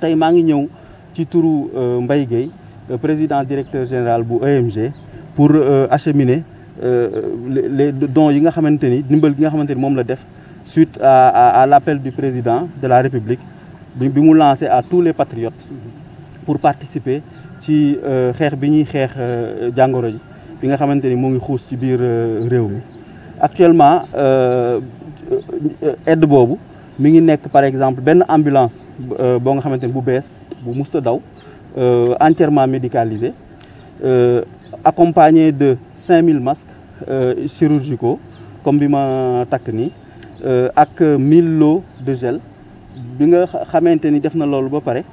tay maa ngi ci turu euh, Mbaye Gueye, euh, président directeur général bu EMG pour euh, acheminer les dons yi nga xamanteni dimbal gi nga xamanteni mom la def suite à à l'appel du président de la République bi mu lancé à tous les patriotes pour participer ci xex bi ñuy xeex jàngoro ji bi nga xamanteni mo ngi xuus ci biir réew mi actuellement aide bobu mi par exemple ben ambulance euh, bo nga xamante bu bes bu musta daw euh, entièrement euh, accompagné de 5000 masques euh, chirurgicaux comme bi ma ni euh, ak 1000 lots de gel bi nga xamanteni ni def na loolu ba paré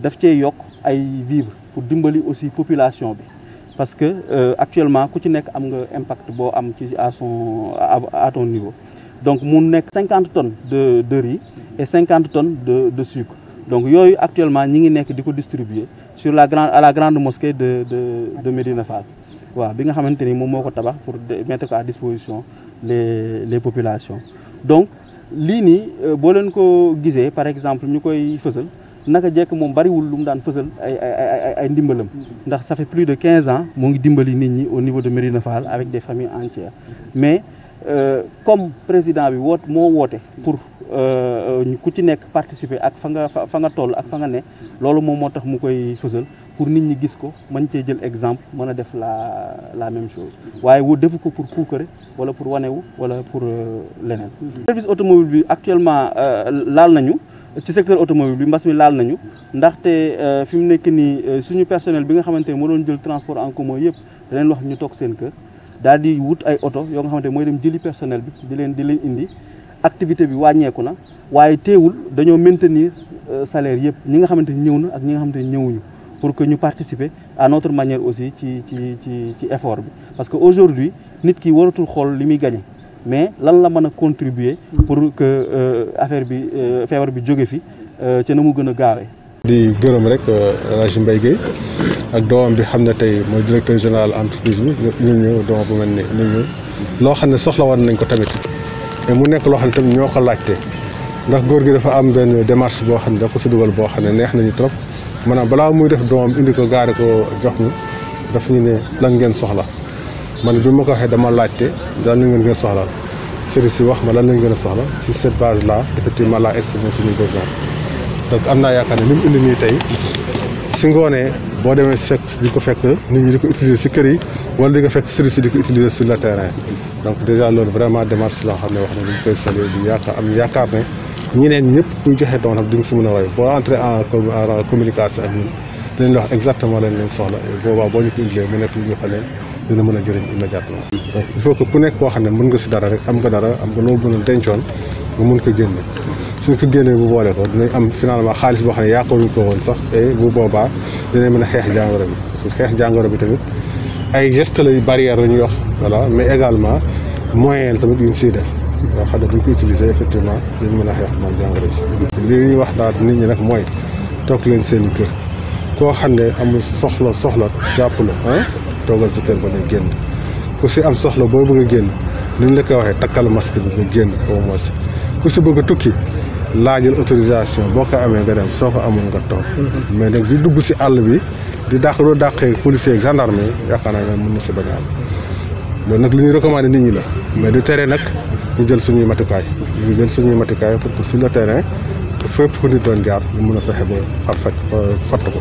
daf cey yok ay vivre pour dimbali aussi population bi parce que actuellement ku ci nek am nga impact bo am ci à son à ton niveau donc 50 a 50 tonnes de de riz et 50 tonnes de de sucre donc actuellement nous ngi nekk sur la grande à la grande mosquée de de de Voilà, Fall voilà bi nga pour mettre à disposition les les populations donc lini si vous ko par exemple ñu koy fësal naka jekk a pas lu mu daan fësal ay ay ay ça fait plus de 15 ans que je dimbali au niveau de mérine Nafal avec des familles entières mais euh, comme président bi woot mo woote pour euh ku ci nek participer ak fa nga fa nga toll ak fa nga ne lolu mo motax mu koy fësal pour nit ñi gis ko mën cee jël exemple mëna def la la même chose waye wu defu ko pour puukare wala pour wané wu wala pour euh, leneen mhm. service automobile bi actuellement euh, laal nañu ci secteur automobile bi mbas mi laal nañu ndaxte fi mu nekk ni suñu personnel bi nga xamante mo doon jël transport en commun yépp daleen wax ñu tok seen kër daal di wut ay auto yo nga xamante moy dem jëli personnel bi di leen di leen indi activité bi wañéku na waye téwul daño maintenir euh, salaire yépp ñi nga xamante ni ak ñi nga xamante ñëwuñu pour que ñu participer à notre manière aussi ci ci ci ci effort bi parce que aujourd'hui nit ki waratul xol limi muy gagné mais lan la mëna contribuer pour que euh, affaire bi euh, feebar bi joggé fi ci na mu gëna gaawé di gërëm rek euh, El mbay Mbaye ak doomam bi xam ne tey mooy directeur général entreprise bi ñu ñu doomam bu mel ni ñu loo xam ne soxla woon nañ ko tamit te mu nekk loo xam ne tamit ñoo ko laajte ndax góor gi dafa am benn démarche boo xam ne da ko si dugal boo xam ne neex nañu trop maanaam balaa muy def doomam indi ko gaari ko jox ñu daf ñu ne lan ngeen soxla man bi ma ko waxee dama laajte lan la ngeen gën soxla sëriñ si wax ma lan lañ ngeen a soxla si cette base là effectivement la estimé suñu besoin donc am naa yaakaar ne li mu indi nii tey si ngoonee boo demee si di ko fekk nit ñi di ko utiliser si kër yi wala di ko fekk service di ko utiliser sur le terrain donc déjà loolu vraiment démarche la xam ne wax ne ñu koy salué di yaakaar am yaakaar ne joxe doon xam di nga si mën a roy boo entré en communication ak ñun dañ la wax leen soxla boo ñu ko mu nekk ñu xam ne dina mën a jëriñ immédiatement donc il faut que ku nekk koo xam ne mën nga si dara rek am nga dara am nga loolu mën a dencoon nga mën ko génne suñ ko génnee bu boole ko dinañ am finalement xaalis boo xam ne yaakaaruñ ko woon sax et bu boobaa dinañ mën a xeex jàngoro bi parce que xeex jàngoro bi tamit ay geste la barrière la ñuy wax voilà mais également moyen tamit yuñ siy def yoo xam ne buñ ko utiliser effectivement dañ mën a xeex moom jàngoro bi. li ñuy wax daal nit ñi nag mooy toog leen seen kër koo xam ne amul soxla soxla jàpp la ah toogal sa kër ba lay génn ku si am soxla boo bëgg a génn ni ñu la ko waxee takkal masque bi nga génn au moins ku si bëgg tukki laajul autorisation boo ko amee nga dem soo ko amul nga toog. Mhm. mais nag di dugg si àll bi di dàq loo dàqee policier ak gendarme yi yaakaar naa ne mën na si bañ loolu nag li ñuy recommander nit ñi la mais du tere nag ñu jël suñuy matukaay ñu jël suñuy matukaay pour que sur le terrain fépp fu nit doon jaar ñu mun a fexe ba far faj fatt ko.